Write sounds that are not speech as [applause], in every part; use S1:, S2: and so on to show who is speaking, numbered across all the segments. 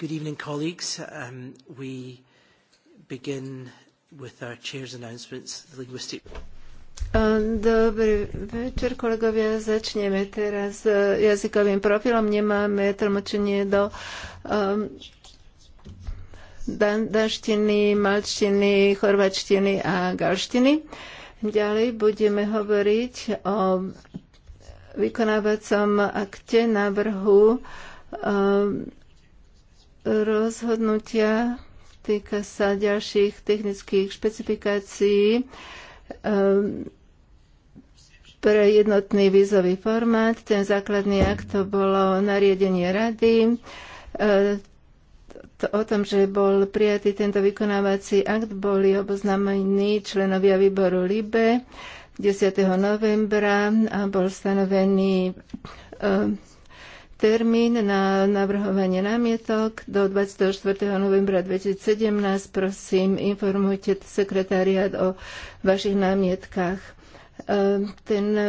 S1: Good evening, colleagues. Um, we begin with our chair's announcements, the linguistic...
S2: Um, dobrý večer, kolegovia. Začneme teraz uh, jazykovým profilom. Nemáme tlmočenie do um, dan- danštiny, malčtiny, chorvačtiny a galštiny. Ďalej budeme hovoriť o vykonávacom akte návrhu um, rozhodnutia týka sa ďalších technických špecifikácií ehm, pre jednotný vízový formát. Ten základný akt to bolo nariadenie rady ehm, o tom, že bol prijatý tento vykonávací akt, boli oboznámení členovia výboru LIBE 10. novembra a bol stanovený ehm, termín na navrhovanie námietok do 24. novembra 2017. Prosím, informujte sekretariat o vašich námietkách. Ehm, ten, ehm,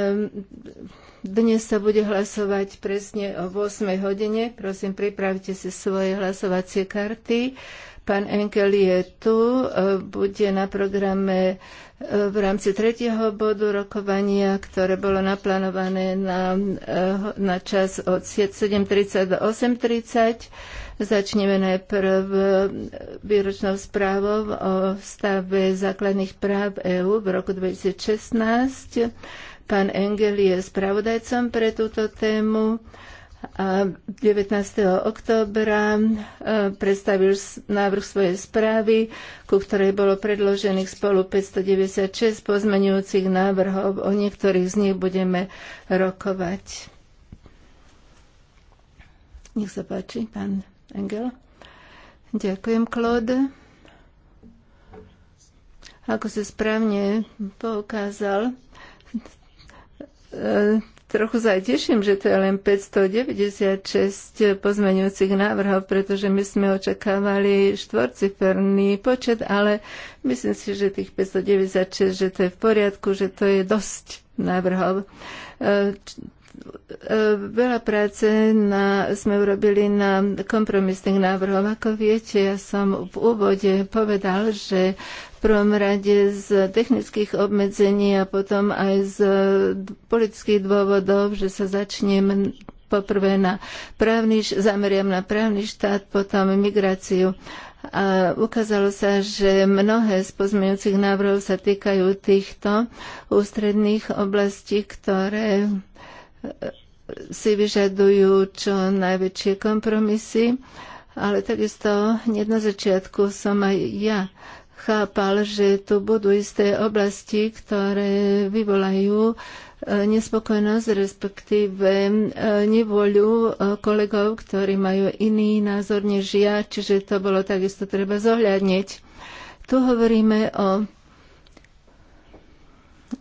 S2: dnes sa bude hlasovať presne o 8. hodine. Prosím, pripravte si svoje hlasovacie karty. Pán Enkel je tu, e, bude na programe e, v rámci tretieho bodu rokovania, ktoré bolo naplánované na, e, na čas od 7.30 do 8.30. Začneme najprv výročnou správou o stave základných práv EÚ v roku 2016. Pán Engel je spravodajcom pre túto tému. 19. oktobra e, predstavil návrh svojej správy, ku ktorej bolo predložených spolu 596 pozmenujúcich návrhov. O niektorých z nich budeme rokovať. Nech sa páči, pán Engel. Ďakujem, Claude. Ako si správne poukázal, e, Trochu sa aj teším, že to je len 596 pozmeňujúcich návrhov, pretože my sme očakávali štvorciferný počet, ale myslím si, že tých 596, že to je v poriadku, že to je dosť návrhov. E, E, veľa práce na, sme urobili na kompromisných návrhov, Ako viete, ja som v úvode povedal, že v prvom rade z technických obmedzení a potom aj z politických dôvodov, že sa začnem poprvé na právny, zameriam na právny štát, potom migráciu. A ukázalo sa, že mnohé z pozmeňujúcich návrhov sa týkajú týchto ústredných oblastí, ktoré si vyžadujú čo najväčšie kompromisy, ale takisto hneď na začiatku som aj ja chápal, že tu budú isté oblasti, ktoré vyvolajú e, nespokojnosť, respektíve e, nevoľu e, kolegov, ktorí majú iný názor než ja, čiže to bolo takisto treba zohľadniť. Tu hovoríme o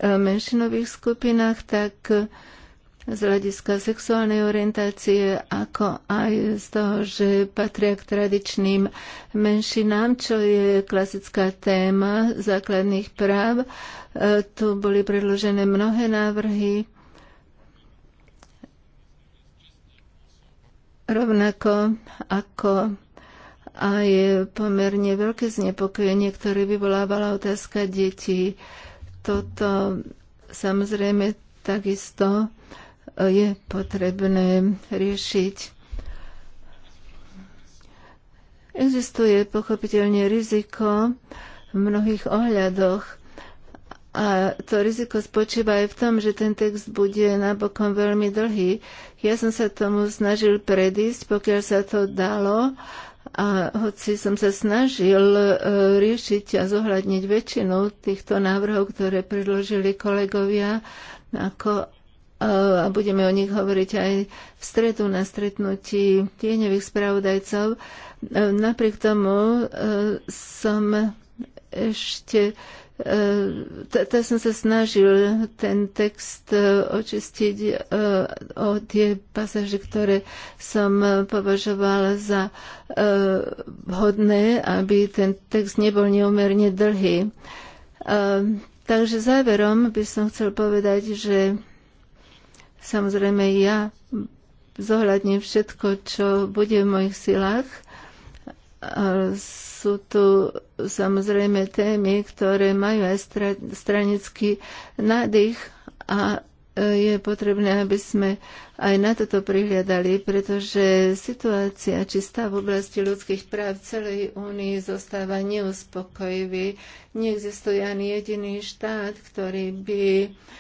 S2: menšinových skupinách, tak z hľadiska sexuálnej orientácie, ako aj z toho, že patria k tradičným menšinám, čo je klasická téma základných práv. E, tu boli predložené mnohé návrhy. Rovnako ako aj pomerne veľké znepokojenie, ktoré vyvolávala otázka detí. Toto samozrejme takisto je potrebné riešiť. Existuje pochopiteľne riziko v mnohých ohľadoch a to riziko spočíva aj v tom, že ten text bude nabokom veľmi dlhý. Ja som sa tomu snažil predísť, pokiaľ sa to dalo, a hoci som sa snažil e, riešiť a zohľadniť väčšinu týchto návrhov, ktoré predložili kolegovia, ako a budeme o nich hovoriť aj v stredu na stretnutí tieňových spravodajcov. E, napriek tomu e, som ešte e, to som sa snažil ten text očistiť o tie pasaže, ktoré som považovala za vhodné, aby ten text nebol neumerne dlhý. Takže záverom by som chcel povedať, že Samozrejme, ja zohľadním všetko, čo bude v mojich silách. A sú tu samozrejme témy, ktoré majú aj stranický nádych a e, je potrebné, aby sme aj na toto prihľadali, pretože situácia či stav v oblasti ľudských práv v celej únii zostáva neuspokojivý. Neexistuje ani jediný štát, ktorý by uh,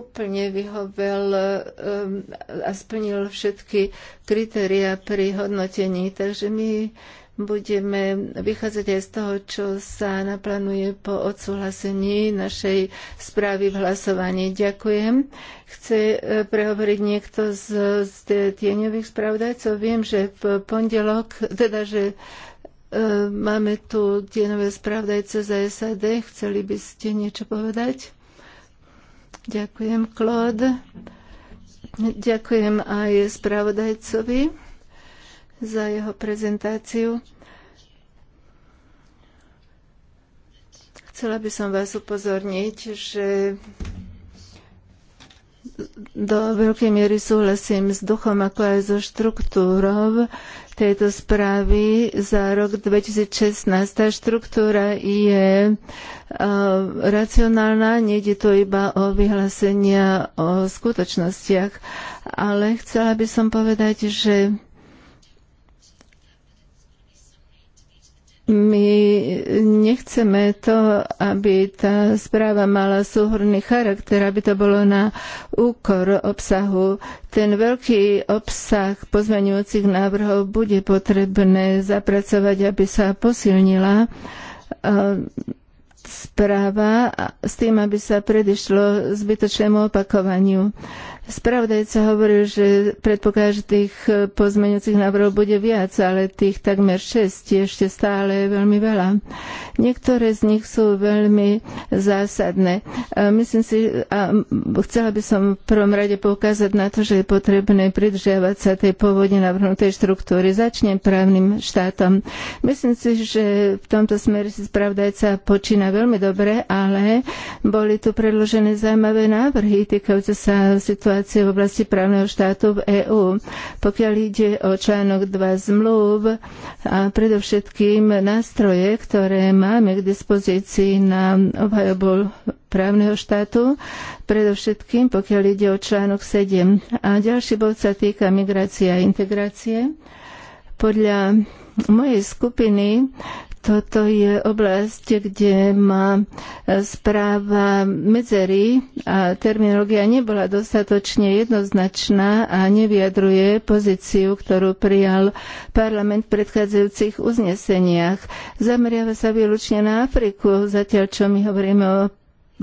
S2: úplne vyhovel a splnil všetky kritéria pri hodnotení. Takže my budeme vychádzať aj z toho, čo sa naplánuje po odsúhlasení našej správy v hlasovaní. Ďakujem. Chce e, prehovoriť niekto z, z tieňových spravodajcov? Viem, že v pondelok, teda, že e, máme tu tieňové spravodajce za SAD. Chceli by ste niečo povedať? Ďakujem, Claude. Ďakujem aj spravodajcovi za jeho prezentáciu. Chcela by som vás upozorniť, že do veľkej miery súhlasím s duchom, ako aj so štruktúrou tejto správy za rok 2016. Tá štruktúra je uh, racionálna, nejde to iba o vyhlásenia o skutočnostiach, ale chcela by som povedať, že My nechceme to, aby tá správa mala súhrný charakter, aby to bolo na úkor obsahu. Ten veľký obsah pozmeňujúcich návrhov bude potrebné zapracovať, aby sa posilnila e, správa s tým, aby sa predišlo zbytočnému opakovaniu. Spravodajca hovoril, že predpokladá, že tých eh, pozmeňujúcich návrhov bude viac, ale tých takmer 6 je ešte stále veľmi veľa. Niektoré z nich sú veľmi zásadné. Myslím si, a chcela by som v prvom rade poukázať na to, že je potrebné pridržiavať sa tej pôvodne navrhnutej štruktúry. Začnem právnym štátom. Myslím si, že v tomto smere si spravodajca počína veľmi dobre, ale boli tu predložené zaujímavé návrhy týkajúce sa situácie situácie v oblasti právneho štátu v EÚ. Pokiaľ ide o článok 2 zmluv a predovšetkým nástroje, ktoré máme k dispozícii na obhajobu právneho štátu, predovšetkým pokiaľ ide o článok 7. A ďalší bod sa týka migrácie a integrácie. Podľa mojej skupiny toto je oblasť, kde má e, správa medzery a terminológia nebola dostatočne jednoznačná a nevyjadruje pozíciu, ktorú prijal parlament v predchádzajúcich uzneseniach. Zameriava sa výlučne na Afriku, zatiaľ čo my hovoríme o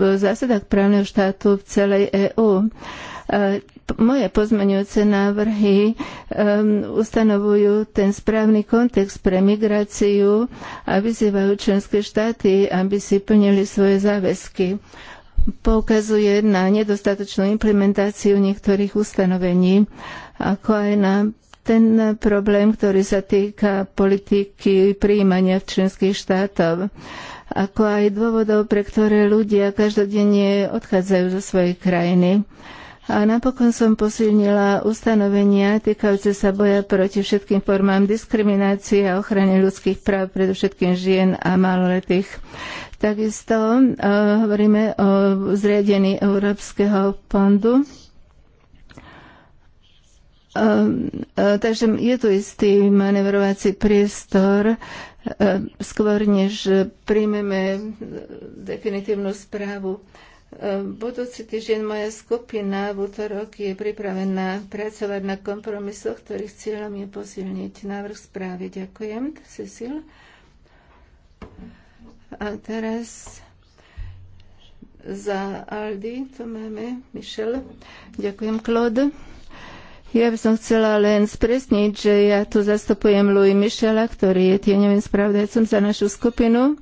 S2: zásadách právneho štátu v celej EÚ moje pozmeňujúce návrhy um, ustanovujú ten správny kontext pre migráciu a vyzývajú členské štáty, aby si plnili svoje záväzky. Poukazuje na nedostatočnú implementáciu niektorých ustanovení, ako aj na ten problém, ktorý sa týka politiky príjmania v členských štátov ako aj dôvodov, pre ktoré ľudia každodenne odchádzajú zo svojej krajiny. A napokon som posilnila ustanovenia týkajúce sa boja proti všetkým formám diskriminácie a ochrany ľudských práv, predovšetkým žien a maloletých. Takisto uh, hovoríme o zriadení Európskeho fondu e, e, takže je tu istý manevrovací priestor. Skôr než príjmeme definitívnu správu Ehm, budúci týždeň moja skupina v útorok je pripravená pracovať na kompromisoch, ktorých cieľom je posilniť návrh správy. Ďakujem, Cecil. A teraz za Aldi, to máme Michel. Ďakujem, Claude. Ja by som chcela len spresniť, že ja tu zastupujem Louis Michela, ktorý je tieňovým spravodajcom za našu skupinu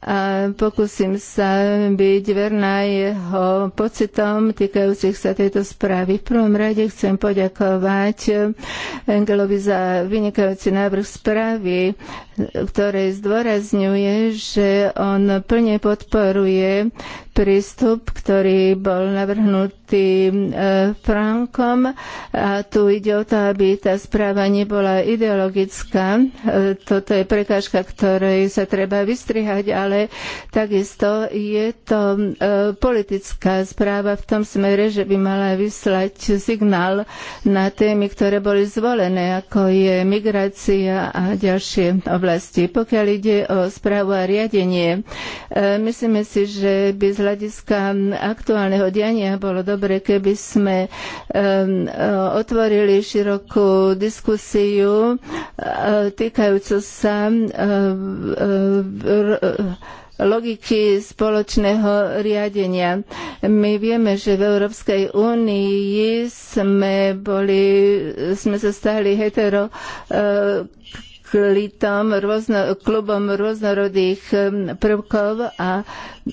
S2: a pokúsim sa byť verná jeho pocitom týkajúcich sa tejto správy. V prvom rade chcem poďakovať Engelovi za vynikajúci návrh správy, ktorej zdôrazňuje, že on plne podporuje prístup, ktorý bol navrhnutý e, Frankom. A tu ide o to, aby tá správa nebola ideologická. E, toto je prekážka, ktorej sa treba vystrihať, ale takisto je to e, politická správa v tom smere, že by mala vyslať signál na témy, ktoré boli zvolené, ako je migrácia a ďalšie oblasti. Pokiaľ ide o správu a riadenie, myslíme si, že by hľadiska aktuálneho diania bolo dobre, keby sme otvorili širokú diskusiu e, týkajúcu sa e, logiky spoločného riadenia. My vieme, že v Európskej únii sme, boli, sme sa stali hetero e, klitom, rôzno, klubom rôznorodých prvkov a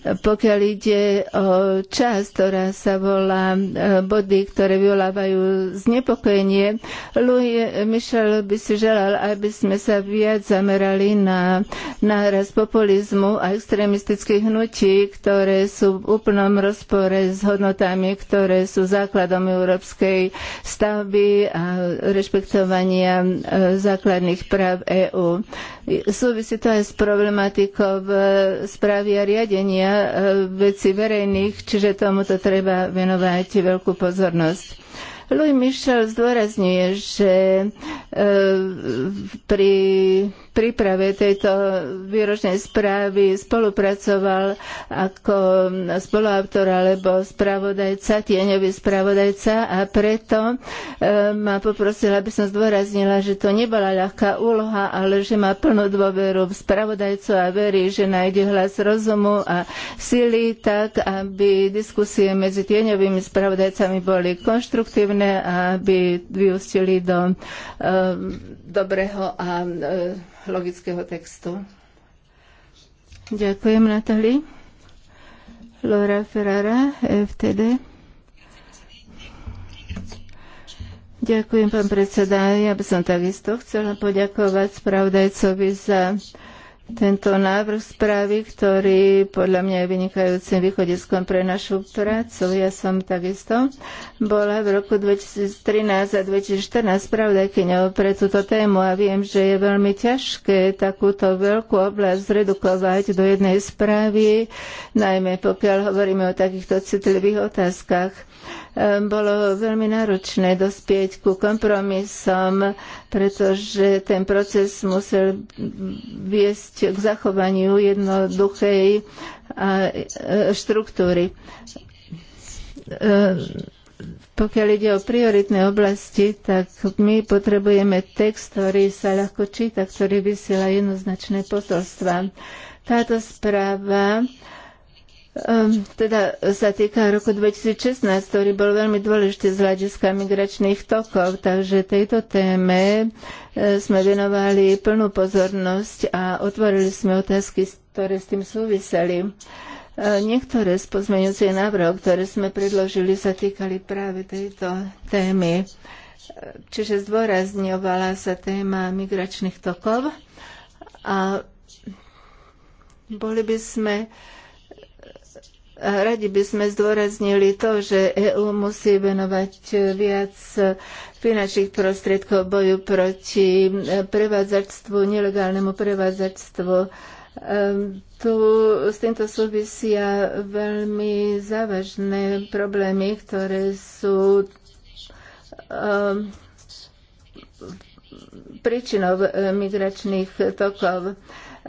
S2: pokiaľ ide o časť, ktorá sa volá e, body, ktoré vyvolávajú znepokojenie, Louis Michel by si želal, aby sme sa viac zamerali na náraz populizmu a extrémistických hnutí, ktoré sú v úplnom rozpore s hodnotami, ktoré sú základom európskej stavby a rešpektovania e, základných práv EÚ. Súvisí to aj s problematikou správy a riadenia riešenia vecí verejných, čiže tomuto treba venovať veľkú pozornosť. Louis Michel zdôrazňuje, že e, pri príprave tejto výročnej správy spolupracoval ako spoluautor alebo spravodajca, tieňový spravodajca a preto e, ma poprosila, aby som zdôraznila, že to nebola ľahká úloha, ale že má plnú dôveru v spravodajcu a verí, že nájde hlas rozumu a sily tak, aby diskusie medzi tieňovými spravodajcami boli konštruktívne potrebné, aby vyústili do eh, dobrého a eh, logického textu. Ďakujem, Natali. Laura Ferrara, FTD. Ďakujem, pán predseda. Ja by som takisto chcela poďakovať spravodajcovi za tento návrh správy, ktorý podľa mňa je vynikajúcim východiskom pre našu prácu. Ja som takisto bola v roku 2013 a 2014 pravdajkyňou pre túto tému a viem, že je veľmi ťažké takúto veľkú oblasť zredukovať do jednej správy, najmä pokiaľ hovoríme o takýchto citlivých otázkach ehm, bolo veľmi náročné dospieť ku kompromisom, pretože ten proces musel viesť k zachovaniu jednoduchej eh, štruktúry. Eh, pokiaľ ide o prioritné oblasti, tak my potrebujeme text, ktorý sa ľahko číta, ktorý vysiela jednoznačné posolstva. Táto správa Ehm, teda sa týka roku 2016, ktorý bol veľmi dôležitý z hľadiska migračných tokov, takže tejto téme e, sme venovali plnú pozornosť a otvorili sme otázky, ktoré s tým súviseli. E, niektoré z pozmeňujúcich návrhov, ktoré sme predložili, sa týkali práve tejto témy. E, čiže zdôrazňovala sa téma migračných tokov a boli by sme Radi by sme zdôraznili to, že EÚ musí venovať viac finančných prostriedkov boju proti prevádzačstvu, nelegálnemu prevádzačstvu. Ehm, tu s týmto súvisia veľmi závažné problémy, ktoré sú um, príčinou migračných tokov.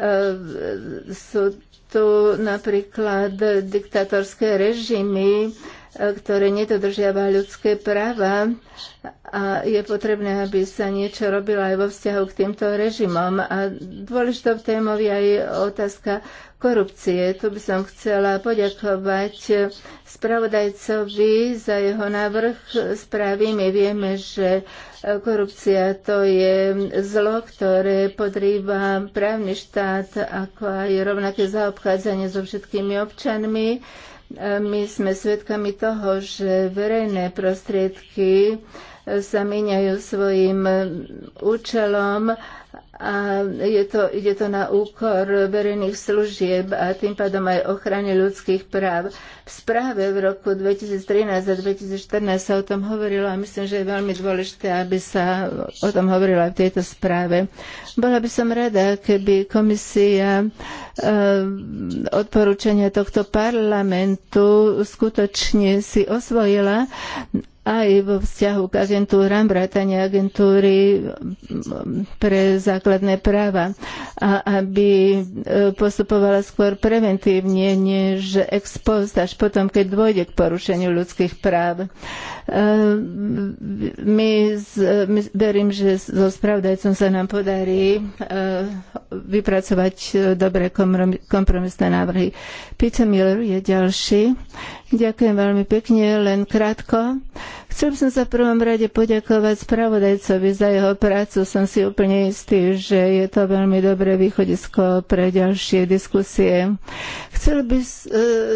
S2: Ehm, sú tu napríklad diktatorské režimy ktoré nedodržiava ľudské práva a je potrebné, aby sa niečo robilo aj vo vzťahu k týmto režimom. A dôležitou témou je aj otázka korupcie. Tu by som chcela poďakovať spravodajcovi za jeho návrh správy. My vieme, že korupcia to je zlo, ktoré podrýva právny štát, ako aj rovnaké zaobchádzanie so všetkými občanmi my sme svedkami toho, že verejné prostriedky sa míňajú svojim účelom a je to, ide to na úkor verejných služieb a tým pádom aj ochrane ľudských práv. V správe v roku 2013 a 2014 sa o tom hovorilo a myslím, že je veľmi dôležité, aby sa o tom hovorilo aj v tejto správe. Bola by som rada, keby komisia e, odporúčania tohto parlamentu skutočne si osvojila aj vo vzťahu k agentúram, vrátane agentúry pre základné práva a aby e, postupovala skôr preventívne, než ex post, až potom, keď dôjde k porušeniu ľudských práv. E, my, my verím, že so spravdajcom sa nám podarí e, vypracovať dobré kompromisné návrhy. Peter Miller je ďalší. Ďakujem veľmi pekne, len krátko. Chcel som sa v prvom rade poďakovať spravodajcovi za jeho prácu. Som si úplne istý, že je to veľmi dobré východisko pre ďalšie diskusie. Chcel by e,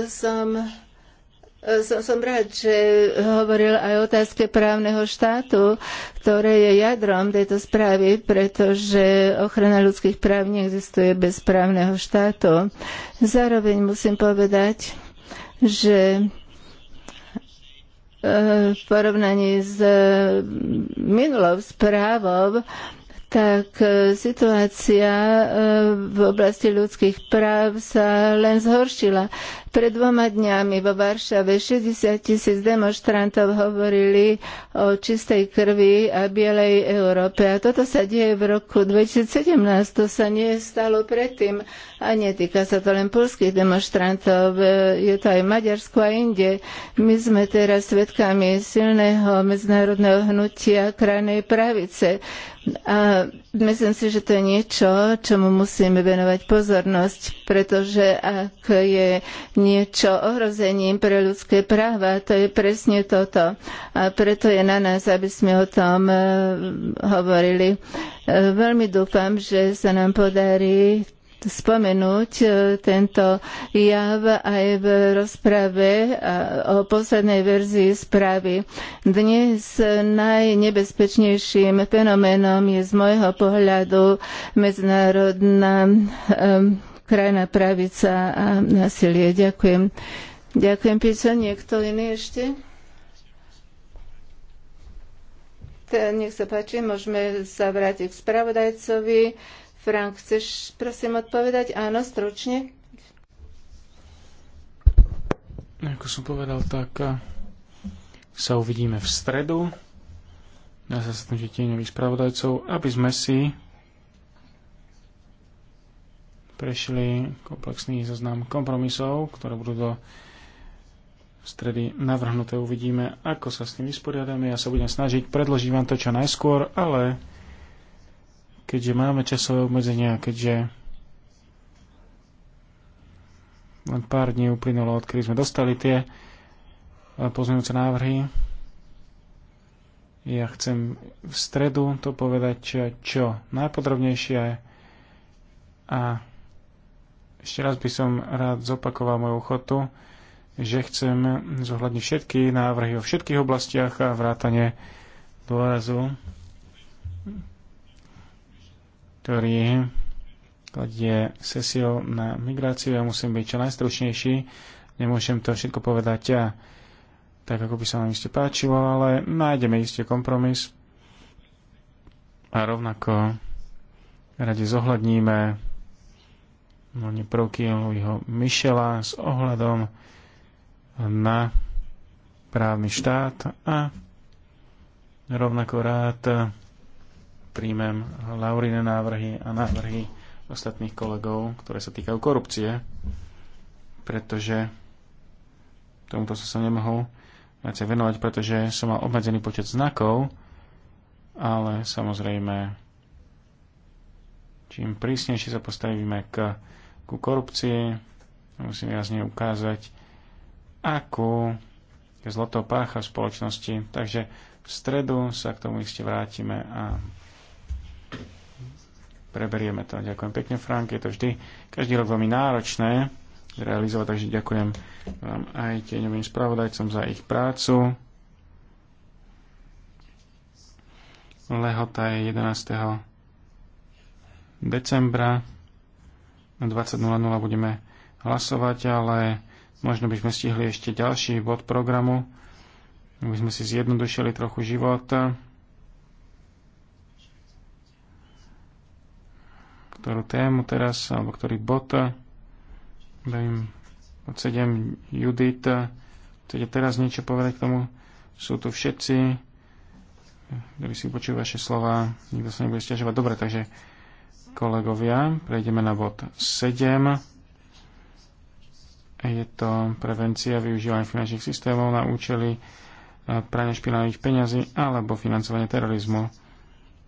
S2: som e, som, som rád, že hovoril aj o otázke právneho štátu, ktoré je jadrom tejto správy, pretože ochrana ľudských práv neexistuje bez právneho štátu. Zároveň musím povedať, že eh, v porovnaní s eh, minulou správou tak eh, situácia v oblasti ľudských práv sa len zhoršila. Pred dvoma dňami vo Varšave 60 tisíc demonstrantov hovorili o čistej krvi a bielej Európe. A toto sa deje v roku 2017. To sa nie stalo predtým. A netýka sa to len polských demonstrantov. Je to aj Maďarsko a inde. My sme teraz svedkami silného medzinárodného hnutia krajnej pravice. A Myslím si, že to je niečo, čomu musíme venovať pozornosť, pretože ak je niečo ohrozením pre ľudské práva, to je presne toto. A preto je na nás, aby sme o tom e, hovorili. E, veľmi dúfam, že sa nám podarí spomenúť e, tento jav aj v rozprave e, o poslednej verzii správy. Dnes najnebezpečnejším fenoménom je z môjho pohľadu medzinárodná e, krajná pravica a násilie. Ďakujem. Ďakujem, Pico. Niekto iný ešte? Nech sa páči, môžeme sa vrátiť k spravodajcovi. Frank, chceš prosím odpovedať? Áno, stručne.
S3: Ako som povedal, tak eh, sa uvidíme v stredu. na sa tieňových spravodajcov, aby sme si prešli komplexný zoznam kompromisov, ktoré budú do stredy navrhnuté. Uvidíme, ako sa s tým vysporiadame. Ja sa budem snažiť, predložiť vám to čo najskôr, ale keďže máme časové obmedzenia, keďže len pár dní uplynulo, odkedy sme dostali tie eh, pozmeňujúce návrhy. Ja chcem v stredu to povedať čo, čo najpodrobnejšie a ešte raz by som rád zopakoval moju ochotu, že chcem zohľadniť všetky návrhy vo všetkých oblastiach a vrátane dôrazu ktorý je sesiou na migráciu. Ja musím byť čo najstručnejší. Nemôžem to všetko povedať ja, tak, ako by sa vám iste páčilo, ale nájdeme iste kompromis a rovnako radi zohľadníme hlavne prvky jeho Michela s ohľadom na právny štát a rovnako rád príjmem Laurine návrhy a návrhy ostatných kolegov, ktoré sa týkajú korupcie, pretože tomuto som sa nemohol viacej venovať, pretože som mal obmedzený počet znakov, ale samozrejme čím prísnejšie sa postavíme k, ku korupcii, musím jasne ukázať, akú zloto pácha v spoločnosti. Takže v stredu sa k tomu iste vrátime a preberieme to. Ďakujem pekne, Frank. Je to vždy každý rok veľmi náročné realizovať, takže ďakujem vám aj tieňovým spravodajcom za ich prácu. Lehota je 11. decembra. Na 20.00 budeme hlasovať, ale možno by sme stihli ešte ďalší bod programu, aby sme si zjednodušili trochu život. ktorú tému teraz, alebo ktorý bod, neviem, od 7 Judith, chcete teraz niečo povedať k tomu? Sú tu všetci, ktorí si počujú vaše slova, nikto sa nebude stiažovať. Dobre, takže kolegovia, prejdeme na bod 7. Je to prevencia využívania finančných systémov na účely eh, prania špinavých peňazí alebo financovanie terorizmu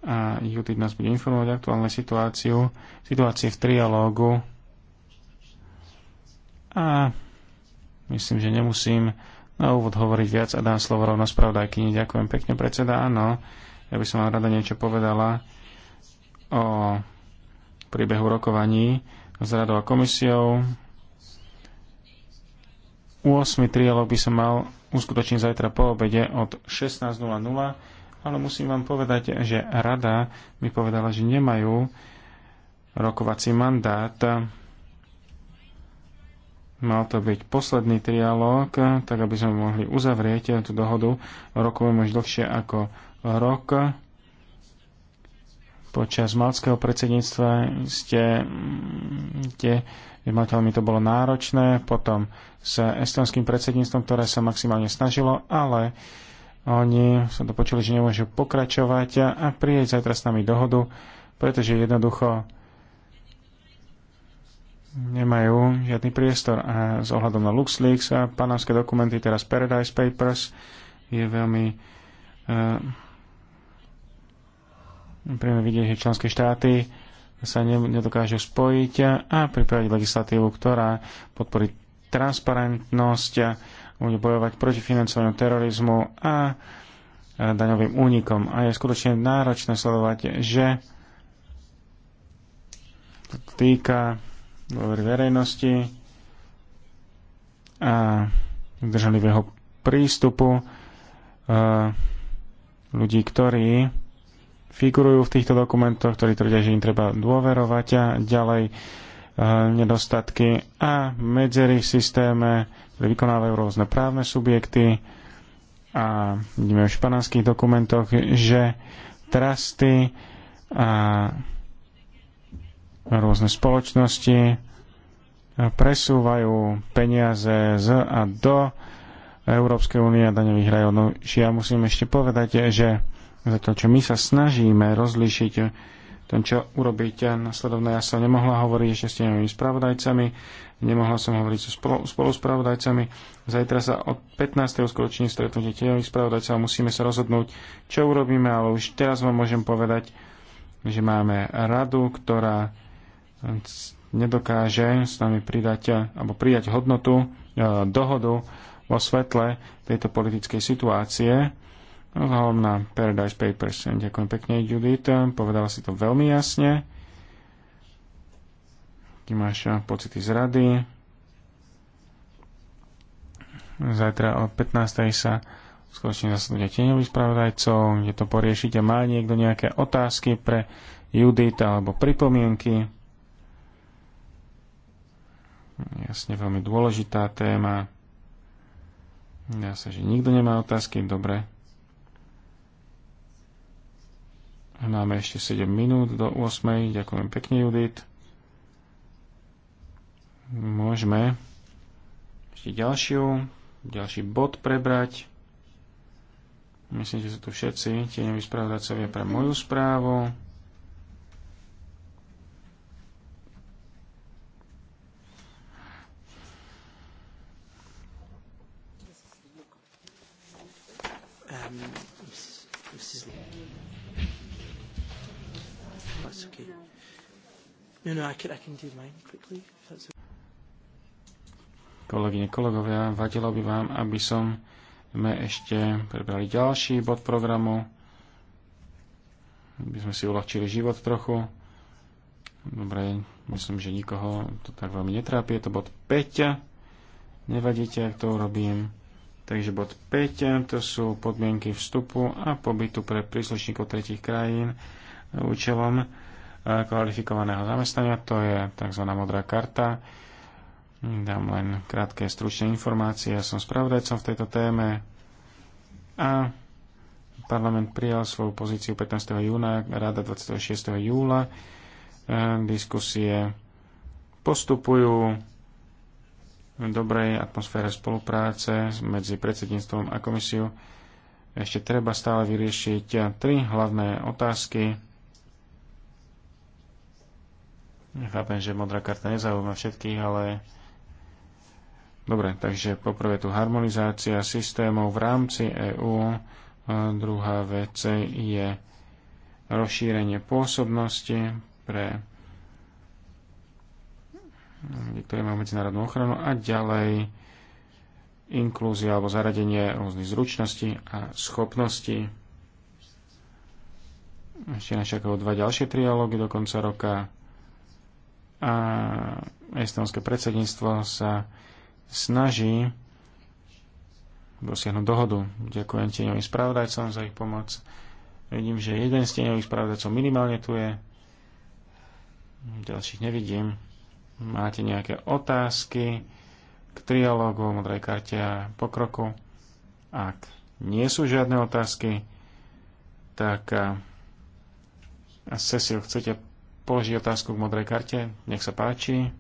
S3: a Judith nás bude informovať aktuálne situáciu, situácie v trialógu a myslím, že nemusím na úvod hovoriť viac a dám slovo rovno spravodajkyni. Ďakujem pekne, predseda. Áno, ja by som vám rada niečo povedala o príbehu rokovaní s radou a komisiou. 8. trialóg by som mal uskutočniť zajtra po obede od 16.00 ale musím vám povedať, že rada mi povedala, že nemajú rokovací mandát. Mal to byť posledný trialóg, tak aby sme mohli uzavrieť tú dohodu. Rokujem už dlhšie ako rok. Počas malckého predsedníctva ste, ste mi to bolo náročné, potom s estonským predsedníctvom, ktoré sa maximálne snažilo, ale oni sa dopočuli, že nemôžu pokračovať a prieť zajtra s nami dohodu, pretože jednoducho nemajú žiadny priestor. A s ohľadom na LuxLeaks a panamské dokumenty, teraz Paradise Papers, je veľmi uh, príjemné vidieť, že členské štáty sa ne, nedokážu spojiť a pripraviť legislatívu, ktorá podporí transparentnosť bude bojovať proti financovaniu terorizmu a daňovým únikom. A je skutočne náročné sledovať, že týka verejnosti a držanlivého prístupu e, ľudí, ktorí figurujú v týchto dokumentoch, ktorí tvrdia, že im treba dôverovať a ďalej Eh, nedostatky a medzery v systéme, ktoré vykonávajú rôzne právne subjekty a vidíme v španánskych dokumentoch, že trasty a rôzne spoločnosti presúvajú peniaze z a do Európskej únie a daňových rajov. No, ja musím ešte povedať, že za to, čo my sa snažíme rozlíšiť ten, čo urobiť. Nasledovne ja som nemohla hovoriť ešte s tými spravodajcami, nemohla som hovoriť so spolu, spolu spravodajcami. Zajtra sa od 15. skutočne stretnutie tieňových spravodajcov a musíme sa rozhodnúť, čo urobíme, ale už teraz vám môžem povedať, že máme radu, ktorá nedokáže s nami pridať alebo prijať hodnotu, e, dohodu vo svetle tejto politickej situácie Rozhovor na Paradise Papers. Ďakujem pekne, Judith. Povedala si to veľmi jasne. Ty máš eh, pocity z rady. Zajtra o 15. sa skutočne zasadnutia tieňových spravodajcov, kde to poriešite. Má niekto nejaké otázky pre Judith alebo pripomienky? Jasne, veľmi dôležitá téma. Ja sa, že nikto nemá otázky. Dobre, Máme ešte 7 minút do 8. Ďakujem pekne, Judith. Môžeme ešte ďalšiu, ďalší bod prebrať. Myslím, že sú tu všetci tieňoví spravodajcovia pre moju správu.
S1: No, no, I can, I can do mine quickly, if that's
S3: kolegyne, kolegovia, vadilo by vám, aby som sme ešte prebrali ďalší bod programu, aby sme si uľahčili život trochu. Dobre, myslím, že nikoho to tak veľmi netrápi. Je to bod 5. Nevadíte, ak to urobím. Takže bod 5 to sú podmienky vstupu a pobytu pre príslušníkov tretich krajín účelom kvalifikovaného zamestnania, to je tzv. modrá karta. Dám len krátke stručné informácie. Ja som spravodajcom v tejto téme a parlament prijal svoju pozíciu 15. júna, rada 26. júla. E, diskusie postupujú v dobrej atmosfére spolupráce medzi predsedníctvom a komisiou ešte treba stále vyriešiť tri hlavné otázky. Nechápem, že modrá karta nezaujíma všetkých, ale... Dobre, takže poprvé tu harmonizácia systémov v rámci EÚ. E, druhá vec je rozšírenie pôsobnosti pre ktoré majú medzinárodnú ochranu a ďalej inklúzia alebo zaradenie rôznych zručností a schopností. Ešte nás čakajú dva ďalšie trialógy do konca roka a estonské predsedníctvo sa snaží dosiahnuť dohodu. Ďakujem tieňovým spravodajcom za ich pomoc. Vidím, že jeden z tieňových spravodajcov minimálne tu je. Ďalších nevidím. Máte nejaké otázky k trialógu, modrej karte a pokroku? Ak nie sú žiadne otázky, tak eh, a Cecil, chcete položí otázku k modrej karte. Nech sa páči.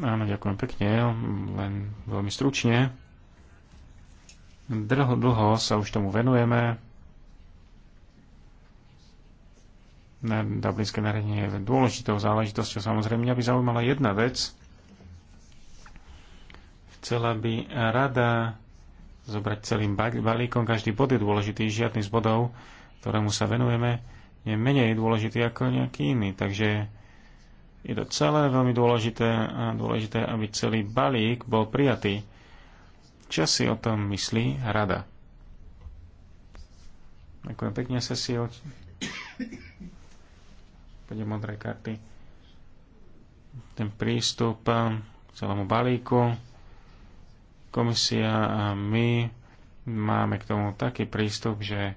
S3: Áno, ďakujem pekne, len veľmi stručne. Dlho, dlho sa už tomu venujeme. Na Dublinské nariadenie je dôležitou záležitosťou. Samozrejme, mňa by zaujímala jedna vec. Chcela by rada zobrať celým balíkom. Každý bod je dôležitý, žiadny z bodov, ktorému sa venujeme je menej dôležitý ako nejaký iný. Takže je to celé veľmi dôležité a dôležité, aby celý balík bol prijatý. Čo si o tom myslí rada? Ďakujem pekne, Cecil. Poďme modré karty. Ten prístup eh, k celému balíku. Komisia a my máme k tomu taký prístup, že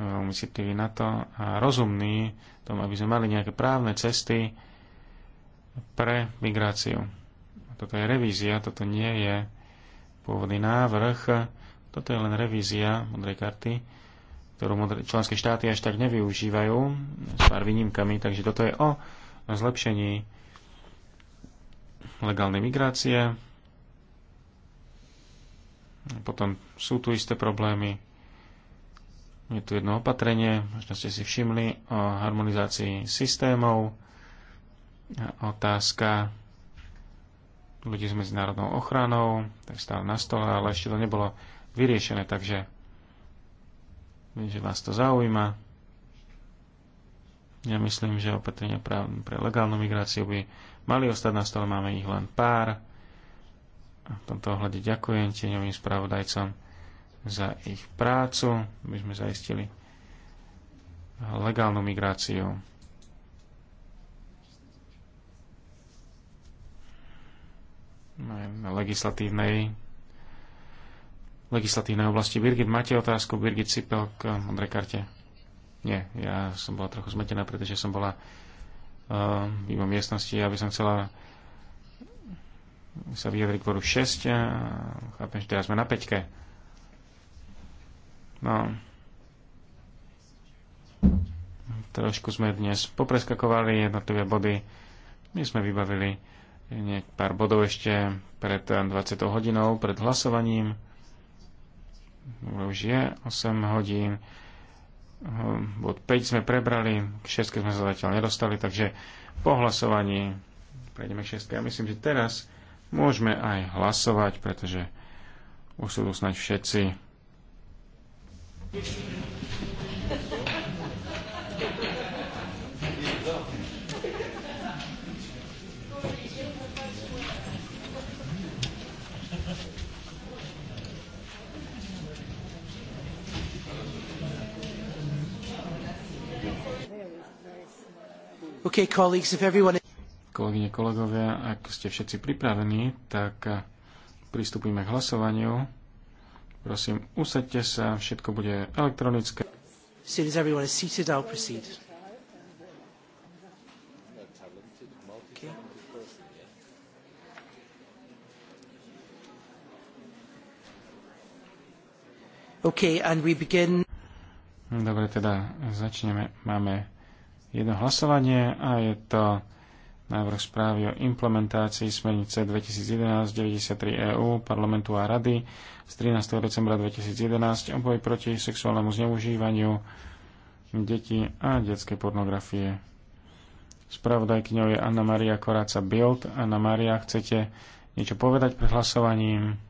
S3: veľmi citliví na to a rozumní tom, aby sme mali nejaké právne cesty pre migráciu. Toto je revízia, toto nie je pôvodný návrh, toto je len revízia modrej karty, ktorú modré, členské štáty až tak nevyužívajú s pár výnimkami, takže toto je o zlepšení legálnej migrácie. Potom sú tu isté problémy je tu jedno opatrenie, možno ste si všimli, o harmonizácii systémov, otázka ľudí s medzinárodnou ochranou, tak stále na stole, ale ešte to nebolo vyriešené, takže viem, že vás to zaujíma. Ja myslím, že opatrenia pre legálnu migráciu by mali ostať na stole, máme ich len pár. A v tomto ohľade ďakujem tieňovým spravodajcom za ich prácu, aby sme zaistili legálnu migráciu. Na legislatívnej legislatívnej oblasti. Birgit, máte otázku? Birgit Cipel k Andrej karte? Nie, ja som bola trochu zmetená, pretože som bola uh, mimo miestnosti. Ja by som chcela sa vyjadriť k 6. Eh, chápem, že teraz sme na 5. No. Trošku sme dnes popreskakovali jednotlivé body. My sme vybavili niek pár bodov ešte pred 20 hodinou, pred hlasovaním. Už je 8 hodín. Bod 5 sme prebrali, k 6 sme sa zatiaľ nedostali, takže po hlasovaní prejdeme k 6. Ja myslím, že teraz môžeme aj hlasovať, pretože už sú tu snaď všetci Okay, everyone... Kolegyne, kolegovia, ak ste všetci pripravení, tak pristúpime k hlasovaniu. Prosím, usaďte sa, všetko bude elektronické. Okay, and we begin. Dobre, teda začneme. Máme jedno hlasovanie a je to návrh správy o implementácii smernice 2011-93 EU parlamentu a rady z 13. decembra 2011 o boji proti sexuálnemu zneužívaniu detí a detskej pornografie. Spravodajkyňou je Anna Maria Koráca Bild. Anna Maria, chcete niečo povedať pred hlasovaním?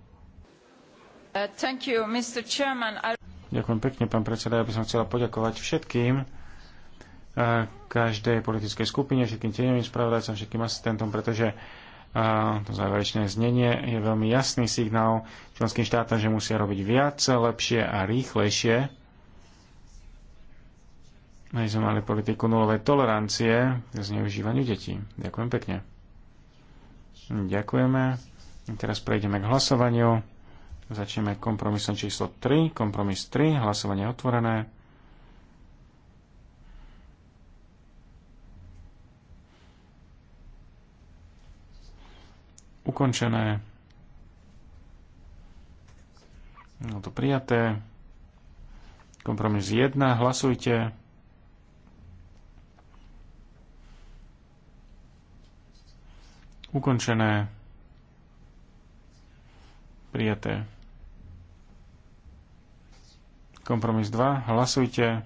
S1: Uh, you, I...
S3: Ďakujem pekne, pán predseda. Ja by som chcela poďakovať všetkým, každej politickej skupine, všetkým tieňovým spravodajcom, všetkým asistentom, pretože to záverečné znenie je veľmi jasný signál členským štátom, že musia robiť viac, lepšie a rýchlejšie. My sme mali politiku nulovej tolerancie k zneužívaniu detí. Ďakujem pekne. Ďakujeme. Teraz prejdeme k hlasovaniu. Začneme kompromisom číslo 3. Kompromis 3. Hlasovanie otvorené. ukončené. No to prijaté. Kompromis 1. Hlasujte. Ukončené. Prijaté. Kompromis 2. Hlasujte.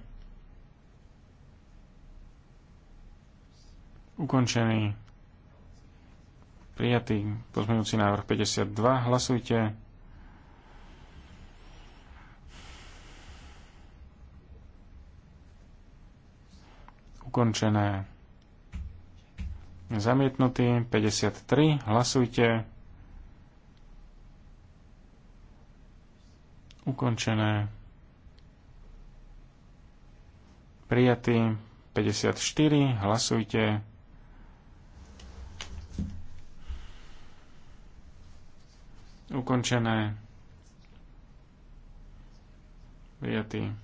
S3: Ukončený prijatý pozmeňujúci návrh 52. Hlasujte. Ukončené. Zamietnutý 53. Hlasujte. Ukončené. Prijatý 54. Hlasujte. ukončené viety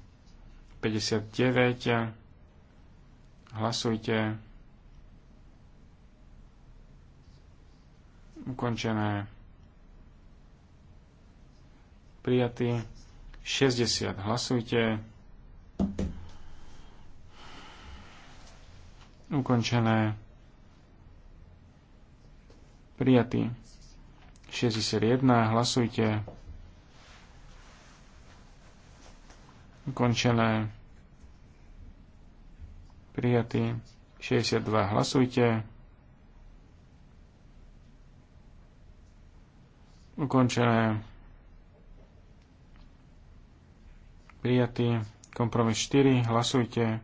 S3: 59 hlasujte ukončené prijatý 60 hlasujte ukončené prijatý 61. Hlasujte. Ukončené. Prijatý. 62. Hlasujte. Ukončené. Prijatý. Kompromis 4. Hlasujte.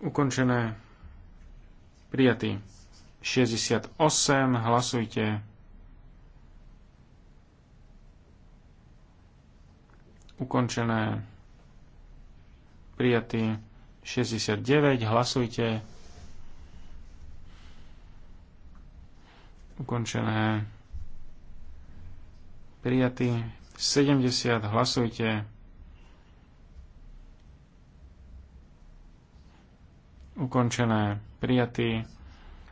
S3: Ukončené Prijatý. 68. Hlasujte. Ukončené. Prijatý. 69. Hlasujte. Ukončené. Prijatý. 70. Hlasujte. Ukončené prijatý.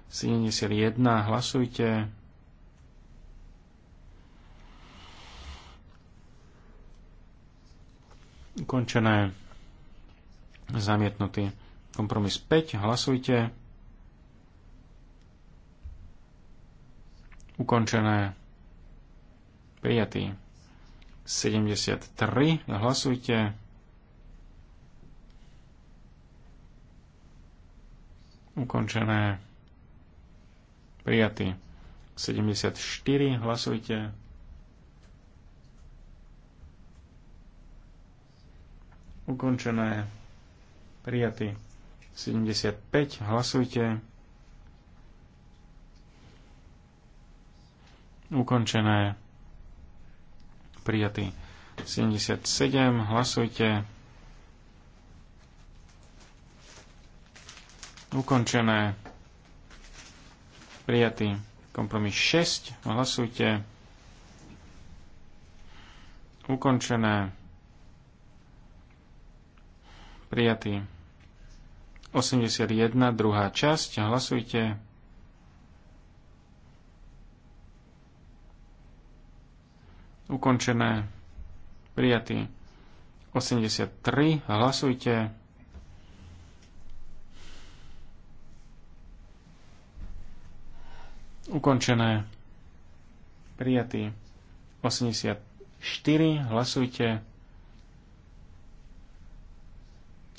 S3: 71, hlasujte. Ukončené. Zamietnutý. Kompromis 5, hlasujte. Ukončené. Prijatý. 73, hlasujte. Ukončené. Prijatý. 74. Hlasujte. Ukončené. Prijatý. 75. Hlasujte. Ukončené. Prijatý. 77. Hlasujte. Ukončené. Prijatý kompromis 6. Hlasujte. Ukončené. Prijatý. 81. Druhá časť. Hlasujte. Ukončené. Prijatý. 83. Hlasujte. ukončené, prijatý 84, hlasujte,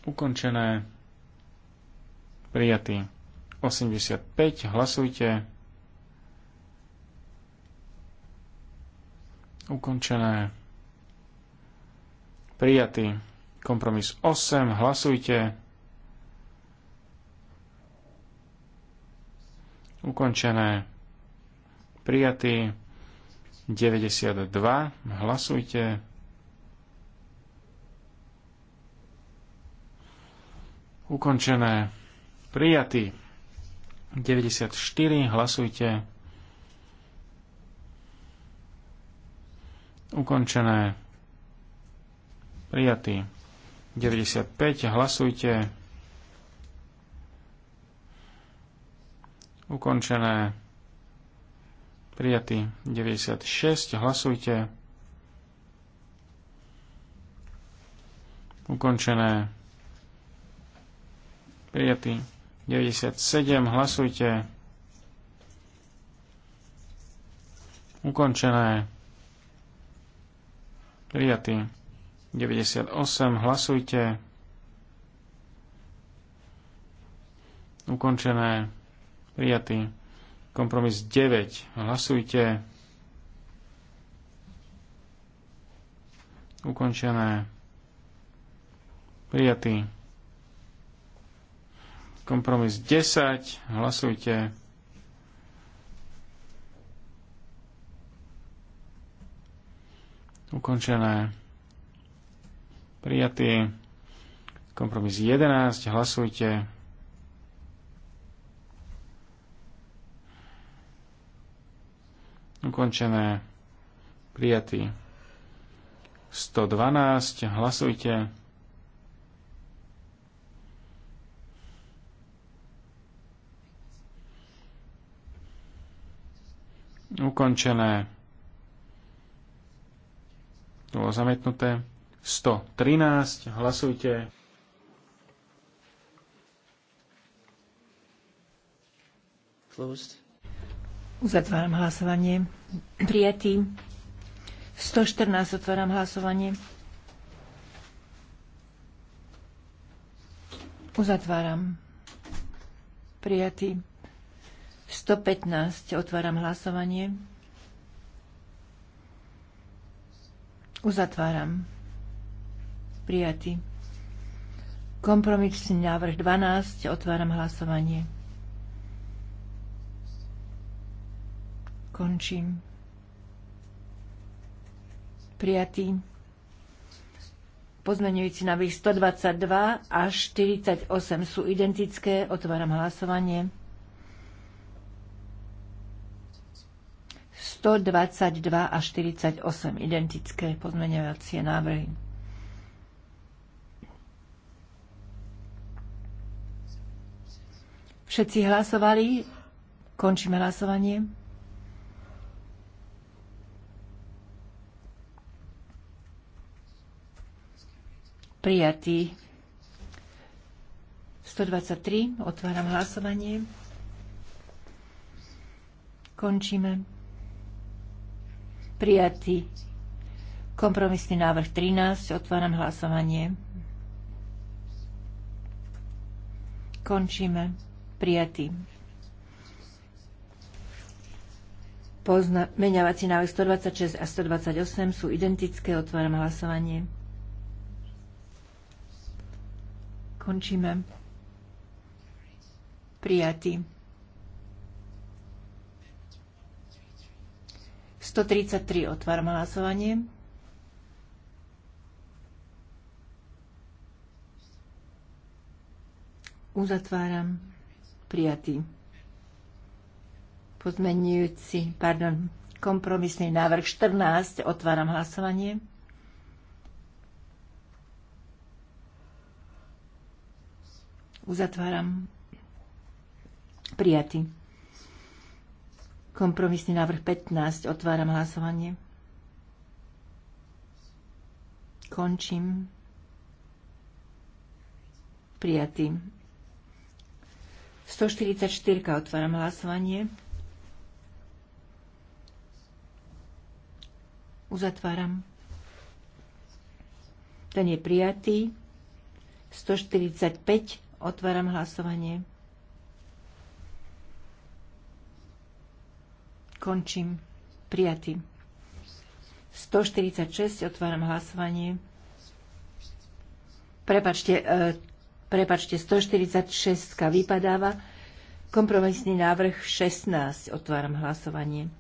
S3: ukončené, prijatý 85, hlasujte, ukončené, prijatý kompromis 8, hlasujte, ukončené, prijatý. 92. Hlasujte. Ukončené. Prijatý. 94. Hlasujte. Ukončené. Prijatý. 95. Hlasujte. Ukončené Prijatý 96. Hlasujte. Ukončené. Prijatý 97. Hlasujte. Ukončené. Prijatý 98. Hlasujte. Ukončené. Prijatý Kompromis 9. Hlasujte. Ukončené. Prijatý. Kompromis 10. Hlasujte. Ukončené. Prijatý. Kompromis 11. Hlasujte. ukončené, prijatý. 112, hlasujte. Ukončené. Bolo zametnuté. 113, hlasujte. Closed.
S1: Uzatváram hlasovanie. Prijatý. 114 otváram hlasovanie. Uzatváram. Prijatý. 115 otváram hlasovanie. Uzatváram. Prijatý. Kompromisný návrh 12 otváram hlasovanie. Končím. Prijatý. Pozmenujúci návrh 122 až 48 sú identické. Otváram hlasovanie. 122 a 48 identické pozmeňovacie návrhy. Všetci hlasovali? Končíme hlasovanie. prijatý. 123. Otváram hlasovanie. Končíme. Prijatý. Kompromisný návrh 13. Otváram hlasovanie. Končíme. Prijatý. Pozna- meniavací návrh 126 a 128 sú identické. Otváram hlasovanie. Končíme. Prijatý. 133 otváram hlasovanie. Uzatváram. Prijatý. Pozmenujúci, pardon, kompromisný návrh 14. Otváram hlasovanie. Uzatváram. Prijatý. Kompromisný návrh 15. Otváram hlasovanie. Končím. Prijatý. 144. Otváram hlasovanie. Uzatváram. Ten je prijatý. 145. Otváram hlasovanie. Končím. Prijatý. 146. Otváram hlasovanie. Prepačte, e, prepačte, 146 vypadáva. Kompromisný návrh 16. Otváram hlasovanie.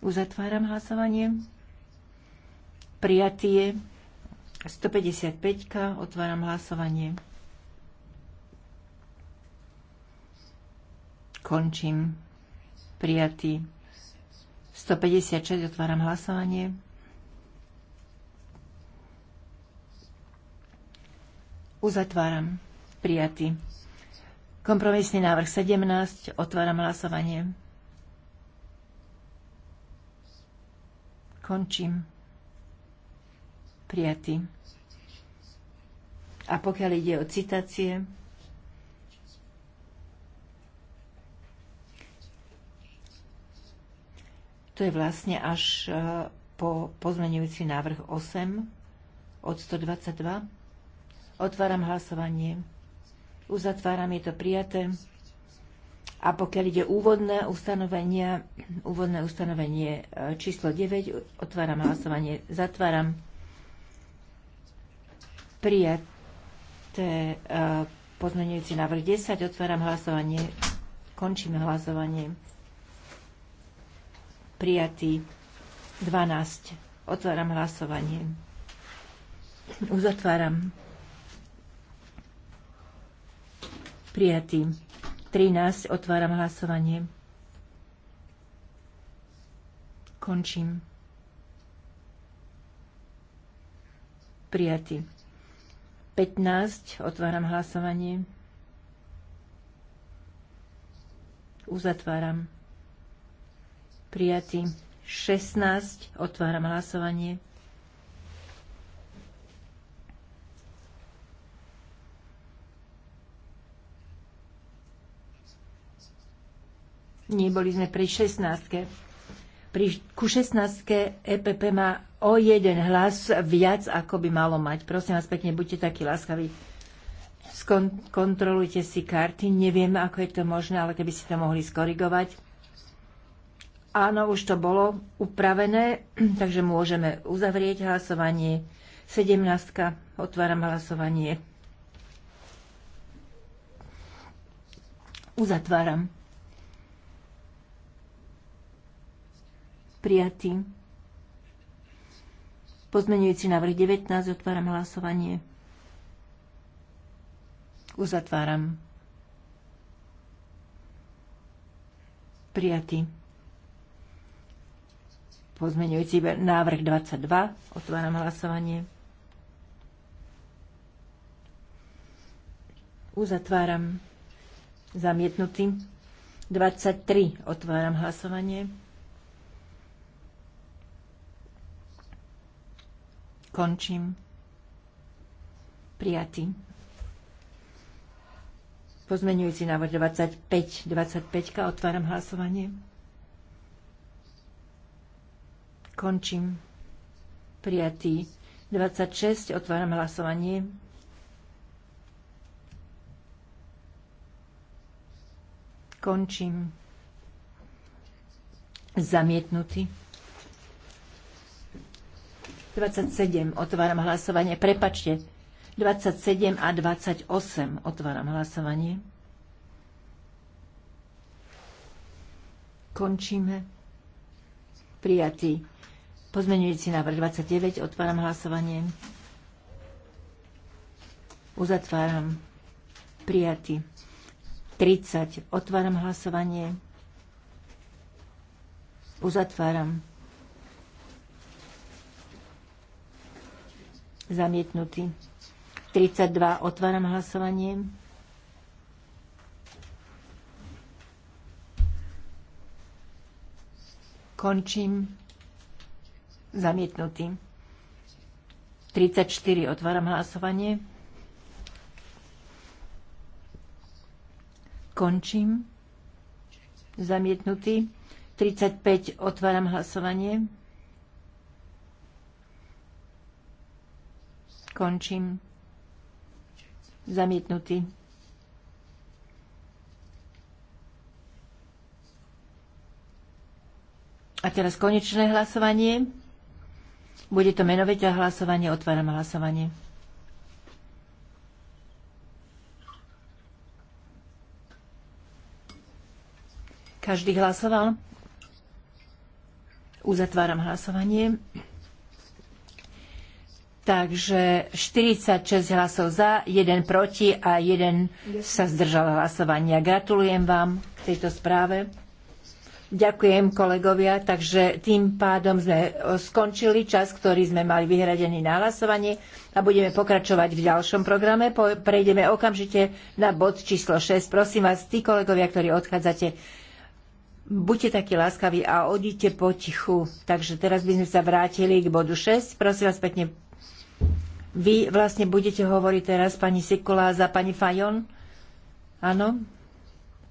S1: Uzatváram hlasovanie. je. 155. Otváram hlasovanie. Končím. Prijatý. 156. Otváram hlasovanie. Uzatváram. Prijatý. Kompromisný návrh 17. Otváram hlasovanie. Končím prijatý. A pokiaľ ide o citácie, to je vlastne až e, po pozmenujúci návrh 8 od 122. Otváram hlasovanie. Uzatváram, je to prijaté. A pokiaľ ide úvodné ustanovenie, úvodné ustanovenie číslo 9, otváram hlasovanie, zatváram prijaté e, pozmeňujúci návrh 10. Otváram hlasovanie. Končíme hlasovanie. Prijatý 12. Otváram hlasovanie. Uzatváram. Prijatý 13. Otváram hlasovanie. Končím. Prijatý 15. Otváram hlasovanie. Uzatváram. Prijatý. 16. Otváram hlasovanie. Neboli sme pri 16. Pri, ku 16. EPP má o jeden hlas viac, ako by malo mať. Prosím vás pekne, buďte takí láskaví. Kontrolujte si karty. Neviem, ako je to možné, ale keby ste to mohli skorigovať. Áno, už to bolo upravené, [clears throat] takže môžeme uzavrieť hlasovanie. 17. Otváram hlasovanie. Uzatváram. Prijatý. Pozmenujúci návrh 19. Otváram hlasovanie. Uzatváram. Prijatý. Pozmenujúci návrh 22. Otváram hlasovanie. Uzatváram. Zamietnutý. 23. Otváram hlasovanie. Končím. Prijatý. Pozmeňujúci návrh 25, 25. Otváram hlasovanie. Končím. Prijatý. 26. Otváram hlasovanie. Končím. Zamietnutý. 27. Otváram hlasovanie. Prepačte. 27 a 28. Otváram hlasovanie. Končíme. Prijatý. Pozmenujúci návrh 29. Otváram hlasovanie. Uzatváram. Prijatý. 30. Otváram hlasovanie. Uzatváram. Zamietnutý. 32. Otváram hlasovanie. Končím. Zamietnutý. 34. Otváram hlasovanie. Končím. Zamietnutý. 35. Otváram hlasovanie. Končím. Zamietnutý. A teraz konečné hlasovanie. Bude to a hlasovanie. Otváram hlasovanie. Každý hlasoval? Uzatváram hlasovanie. Takže 46 hlasov za, 1 proti a 1 sa zdržal hlasovania. Gratulujem vám k tejto správe. Ďakujem kolegovia, takže tým pádom sme e, skončili čas, ktorý sme mali vyhradený na hlasovanie a budeme pokračovať v ďalšom programe. Prejdeme okamžite na bod číslo 6. Prosím vás, tí kolegovia, ktorí odchádzate, Buďte takí láskaví a odíte potichu. Takže teraz by sme sa vrátili k bodu 6. Prosím vás pekne, vy vlastne budete hovoriť teraz pani Sikula za pani Fajon? Áno?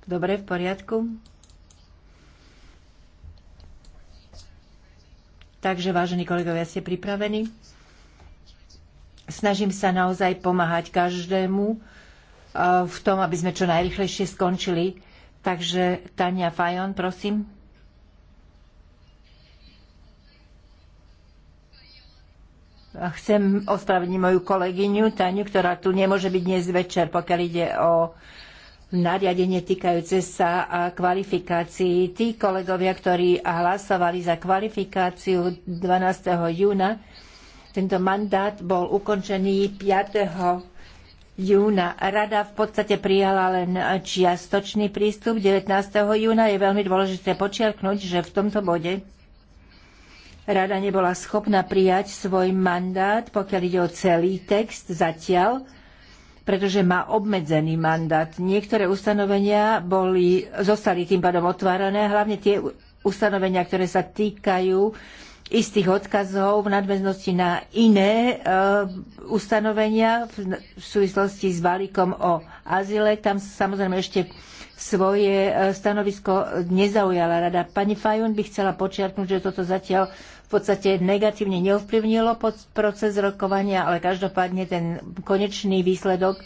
S1: Dobre, v poriadku. Takže, vážení kolegovia, ste pripravení? Snažím sa naozaj pomáhať každému eh, v tom, aby sme čo najrychlejšie skončili. Takže, Tania Fajon, prosím. Chcem ospravedlniť moju kolegyňu Taniu, ktorá tu nemôže byť dnes večer, pokiaľ ide o nariadenie týkajúce sa a kvalifikácií. Tí kolegovia, ktorí hlasovali za kvalifikáciu 12. júna, tento mandát bol ukončený 5. júna. Rada v podstate prijala len čiastočný prístup. 19. júna je veľmi dôležité počiarknúť, že v tomto bode rada nebola schopná prijať svoj mandát, pokiaľ ide o celý text zatiaľ, pretože má obmedzený mandát. Niektoré ustanovenia boli, zostali tým pádom otvárané, hlavne tie ustanovenia, ktoré sa týkajú istých odkazov v nadväznosti na iné e, ustanovenia v, v súvislosti s balíkom o Azile, Tam samozrejme ešte svoje e, stanovisko nezaujala rada. Pani Fajun by chcela počiarknúť, že toto zatiaľ v podstate negatívne neovplyvnilo proces rokovania, ale každopádne ten konečný výsledok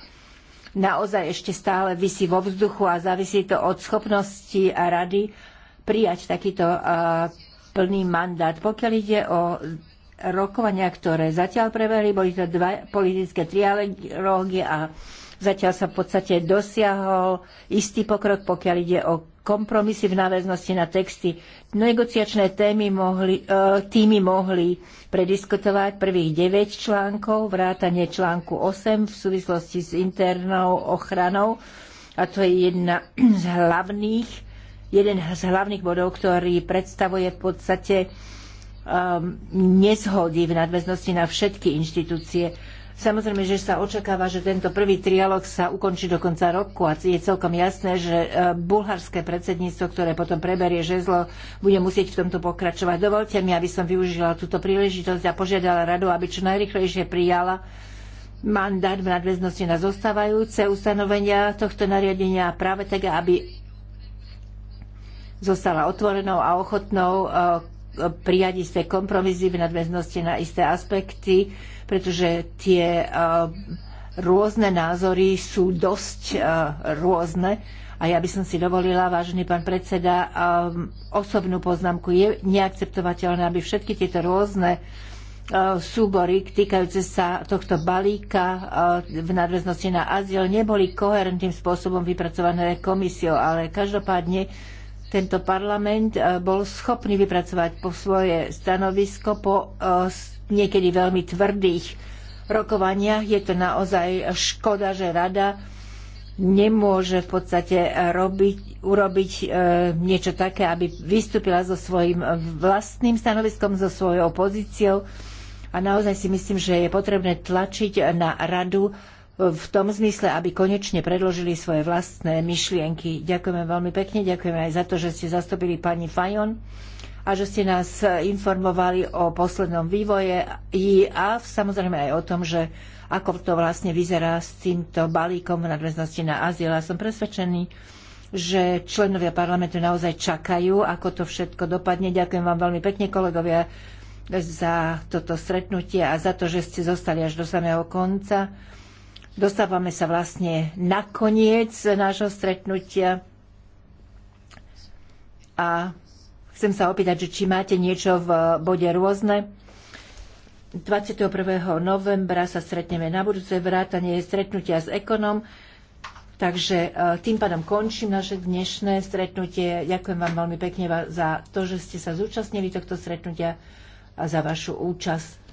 S1: naozaj ešte stále vysí vo vzduchu a závisí to od schopnosti a rady prijať takýto e, plný mandát. Pokiaľ ide o rokovania, ktoré zatiaľ prebehli, boli to dva politické trialógy a Zatiaľ sa v podstate dosiahol istý pokrok, pokiaľ ide o kompromisy v náväznosti na texty. Negociačné témy mohli, e, týmy mohli prediskutovať prvých 9 článkov, vrátanie článku 8 v súvislosti s internou ochranou a to je jedna z hlavných, jeden z hlavných bodov, ktorý predstavuje v podstate e, nezhody v nadväznosti na všetky inštitúcie. Samozrejme, že sa očakáva, že tento prvý trialog sa ukončí do konca roku a je celkom jasné, že e, bulharské predsedníctvo, ktoré potom preberie žezlo, bude musieť v tomto pokračovať. Dovolte mi, aby som využila túto príležitosť a požiadala radu, aby čo najrychlejšie prijala mandát v nadväznosti na zostávajúce ustanovenia tohto nariadenia A práve tak, aby zostala otvorenou a ochotnou e, prijať isté kompromisy v nadväznosti na isté aspekty, pretože tie eh, rôzne názory sú dosť eh, rôzne. A ja by som si dovolila, vážený pán predseda, eh, osobnú poznámku. Je neakceptovateľné, aby všetky tieto rôzne súbory týkajúce sa tohto balíka v nadväznosti na azyl neboli koherentným spôsobom vypracované komisiou, ale každopádne tento parlament e, bol schopný vypracovať po svoje stanovisko po e, niekedy veľmi tvrdých rokovaniach. Je to naozaj škoda, že rada nemôže v podstate robiť, urobiť e, niečo také, aby vystúpila so svojím vlastným stanoviskom, so svojou pozíciou. A naozaj si myslím, že je potrebné tlačiť na radu, v tom zmysle, aby konečne predložili svoje vlastné myšlienky. Ďakujeme veľmi pekne, ďakujeme aj za to, že ste zastúpili pani Fajon a že ste nás informovali o poslednom vývoje a samozrejme aj o tom, že ako to vlastne vyzerá s týmto balíkom v nadväznosti na azyl. A som presvedčený, že členovia parlamentu naozaj čakajú, ako to všetko dopadne. Ďakujem vám veľmi pekne, kolegovia, za toto stretnutie a za to, že ste zostali až do samého konca. Dostávame sa vlastne na koniec nášho stretnutia a chcem sa opýtať, že či máte niečo v bode rôzne. 21. novembra sa stretneme na budúce vrátanie stretnutia s ekonom. Takže e, tým pádom končím naše dnešné stretnutie. Ďakujem vám veľmi pekne za to, že ste sa zúčastnili tohto stretnutia a za vašu účasť.